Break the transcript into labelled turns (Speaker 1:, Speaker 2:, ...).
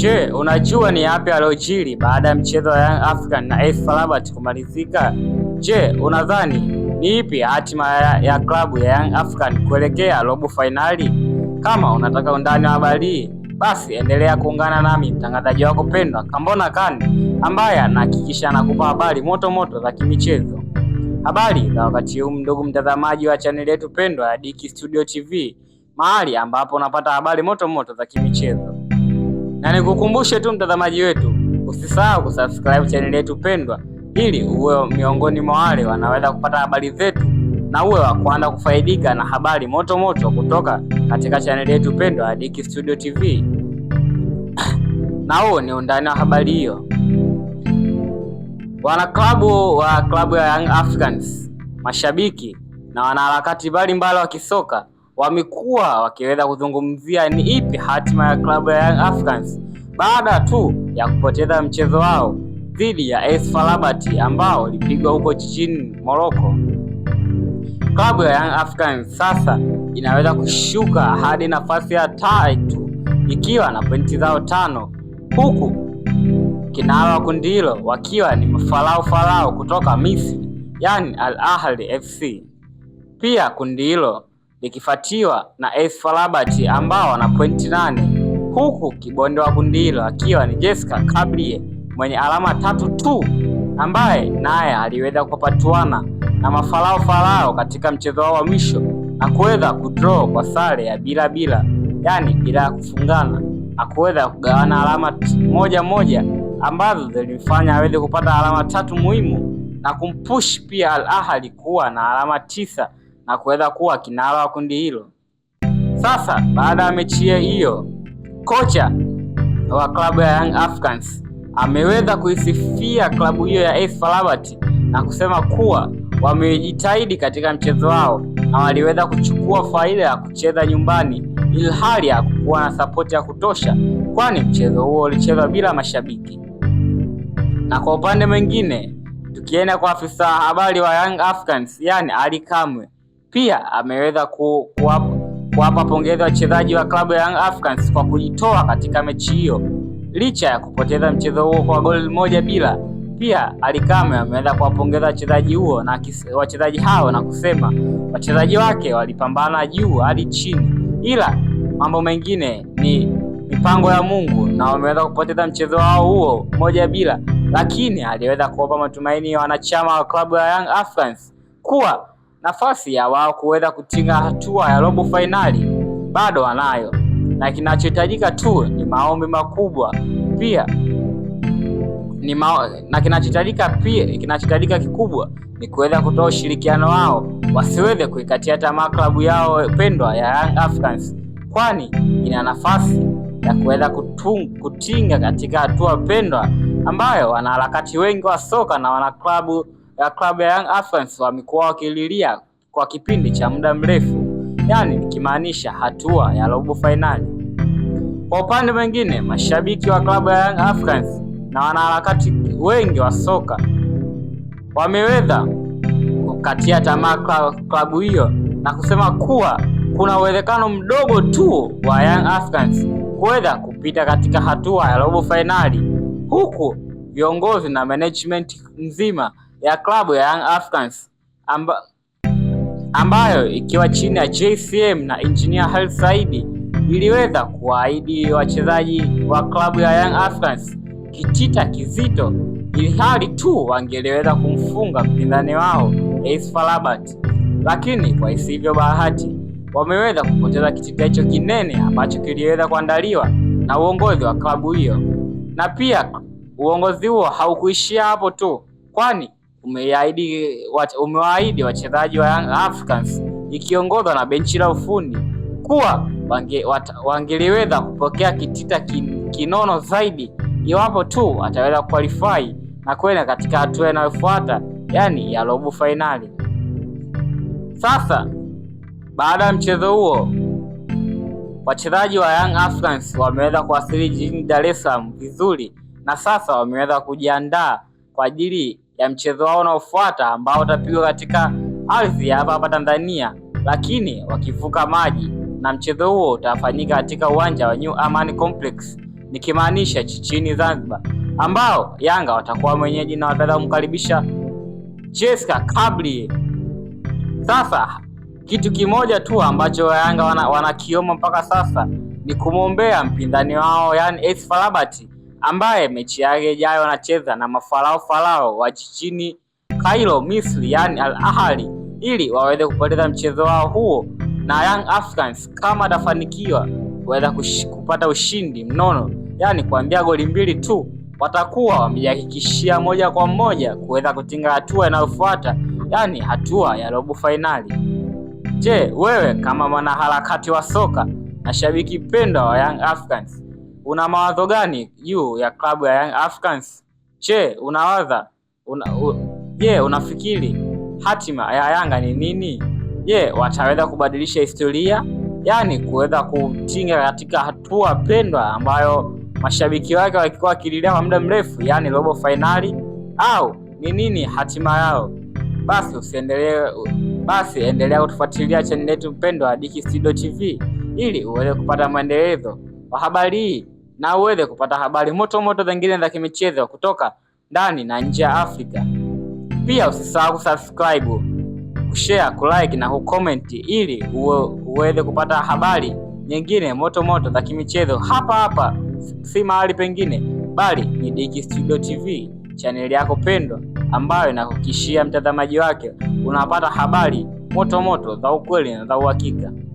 Speaker 1: Je, unajua ni yapi aliyojiri baada ya mchezo wa Young African na AS Rabat kumalizika? Je, unadhani ni ipi hatima ya, ya klabu ya Young African kuelekea robo fainali? Kama unataka undani wa habari hii, basi endelea kuungana nami mtangazaji wako pendwa Kambona Kani ambaye anahakikisha anakupa habari moto moto za kimichezo. Habari za wakati huu, mdogo mtazamaji wa chaneli yetu pendwa ya Dicky Studio TV, mahali ambapo unapata habari moto moto za kimichezo na nikukumbushe tu mtazamaji wetu, usisahau kusubscribe chaneli yetu pendwa, ili uwe miongoni mwa wale wanaweza kupata habari zetu na uwe wa kwanza kufaidika na habari moto moto kutoka katika chaneli yetu pendwa ya Dicky Studio TV. na huo ni undani wa habari hiyo. Wanaklabu wa klabu ya Young Africans, mashabiki na wanaharakati mbalimbali wa kisoka wamekuwa wakiweza kuzungumzia ni ipi hatima ya klabu ya Young Africans baada tu ya kupoteza mchezo wao dhidi ya AS FAR Rabat ambao ulipigwa huko jijini Morocco. Klabu ya Young Africans sasa inaweza kushuka hadi nafasi ya tatu ikiwa na pointi zao tano, huku kinara wa kundi hilo wakiwa ni mafarao farao kutoka Misri, yani Al Ahly FC. Pia kundi hilo likifuatiwa na AS FAR Rabat ambao wana pointi nane huku kibonde wa kundi hilo akiwa ni Jessica Kabylie mwenye alama tatu tu ambaye naye aliweza kupatuana na mafarao farao katika mchezo wao wa mwisho na kuweza kudraw kwa sare ya bila bila, yani bila ya kufungana, akuweza kugawana alama moja moja ambazo zilimfanya aweze kupata alama tatu muhimu na kumpush pia Al Ahly kuwa na alama tisa na kuweza kuwa kinara wa kundi hilo. Sasa baada ya mechi hiyo, kocha wa klabu ya Young Africans ameweza kuisifia klabu hiyo ya AS FAR Rabat na kusema kuwa wamejitahidi katika mchezo wao na waliweza kuchukua faida ya kucheza nyumbani, ili hali ya kuwa na sapoti ya kutosha, kwani mchezo huo ulichezwa bila mashabiki. Na kwa upande mwingine, tukienda kwa afisa habari wa Young Africans, yani Ally Kamwe pia ameweza ku, kuwapa, pongezi wachezaji wa klabu ya Young Africans kwa kujitoa katika mechi hiyo licha ya kupoteza mchezo huo kwa goli moja bila. Pia Ally Kamwe ameweza kuwapongeza wachezaji huo na wachezaji hao na kusema wachezaji wake walipambana juu hadi chini, ila mambo mengine ni mipango ya Mungu na wameweza kupoteza mchezo wao huo moja bila, lakini aliweza kuwapa matumaini ya wanachama wa klabu ya Young Africans kuwa nafasi ya wao kuweza kutinga hatua ya robo fainali bado wanayo, na kinachohitajika tu ni maombi makubwa pia ni mao, na kinachohitajika pia kinachohitajika kikubwa ni kuweza kutoa ushirikiano wao, wasiweze kuikatia tamaa klabu yao pendwa ya Young Africans, kwani ina nafasi ya kuweza kutinga katika hatua pendwa ambayo wanaharakati wengi wa soka na wanaklabu ya klabu ya Young Africans wamekuwa wakililia kwa kipindi cha muda mrefu, yaani nikimaanisha hatua ya robo fainali. Kwa upande mwingine, mashabiki wa klabu ya Young Africans na wanaharakati wengi wa soka wameweza kukatia tamaa klabu hiyo na kusema kuwa kuna uwezekano mdogo tu wa Young Africans kuweza kupita katika hatua ya robo fainali, huku viongozi na management nzima ya klabu ya Young Africans amba, ambayo ikiwa chini ya JCM na Engineer Hersi Said iliweza kuahidi wachezaji wa klabu ya Young Africans kitita kizito, ili hali tu wangeliweza kumfunga mpinzani wao AS FAR Rabat, lakini kwa isivyo bahati wameweza kupoteza kitita hicho kinene ambacho kiliweza kuandaliwa na uongozi wa klabu hiyo, na pia uongozi huo haukuishia hapo tu, kwani umewaahidi wachezaji wa Young Africans ikiongozwa na benchi la ufundi kuwa wangeliweza kupokea kitita kin, kinono zaidi iwapo tu ataweza kukwalifai na kwenda katika hatua inayofuata yani ya robo fainali. Sasa baada ya mchezo huo wachezaji wa Young Africans wameweza kuwasili jijini Dar es Salaam vizuri, na sasa wameweza kujiandaa kwa ajili ya mchezo wao unaofuata ambao utapigwa katika ardhi ya hapa hapa Tanzania, lakini wakivuka maji, na mchezo huo utafanyika katika uwanja wa New Amaan Complex, nikimaanisha chichini Zanzibar, ambao Yanga watakuwa mwenyeji na wataza kumkaribisha Cheska Kabli. Sasa kitu kimoja tu ambacho Yanga wanakioma wana mpaka sasa ni kumwombea mpinzani wao, yani AS FAR Rabat ambaye mechi yake ijayo anacheza na mafarao farao wa jijini Cairo, Misri, yani Al Ahly ili waweze kupoteza mchezo wao huo na Young Africans kama atafanikiwa kuweza kupata ushindi mnono, yani kuambia goli mbili tu, watakuwa wamejihakikishia moja kwa moja kuweza kutinga hatua inayofuata, yani hatua ya robo fainali. Je, wewe kama mwanaharakati wa soka na shabiki pendwa wa Young Africans una mawazo gani juu ya klabu ya Young Africans? Che, unawaza una, u, je, unafikiri hatima ya Yanga ni nini? Je, wataweza kubadilisha historia, yaani kuweza kutinga katika hatua pendwa ambayo mashabiki wake walikuwa wakililia kwa muda mrefu, yaani robo fainali, au ni nini hatima yao? Basi usiendelee, basi endelea kutufuatilia chaneli yetu mpendwa Dicky Studio TV ili uweze kupata maendelezo wa habari hii na uweze kupata habari moto moto zingine za kimichezo kutoka ndani na nje ya Afrika. Pia usisahau kusubscribe, kushare, kulike na kucomment ili uweze kupata habari nyingine moto moto za kimichezo hapa hapa, si mahali pengine, bali ni Dicky Studio TV, chaneli yako pendwa ambayo inakukishia mtazamaji wake unapata habari moto moto za ukweli na za uhakika.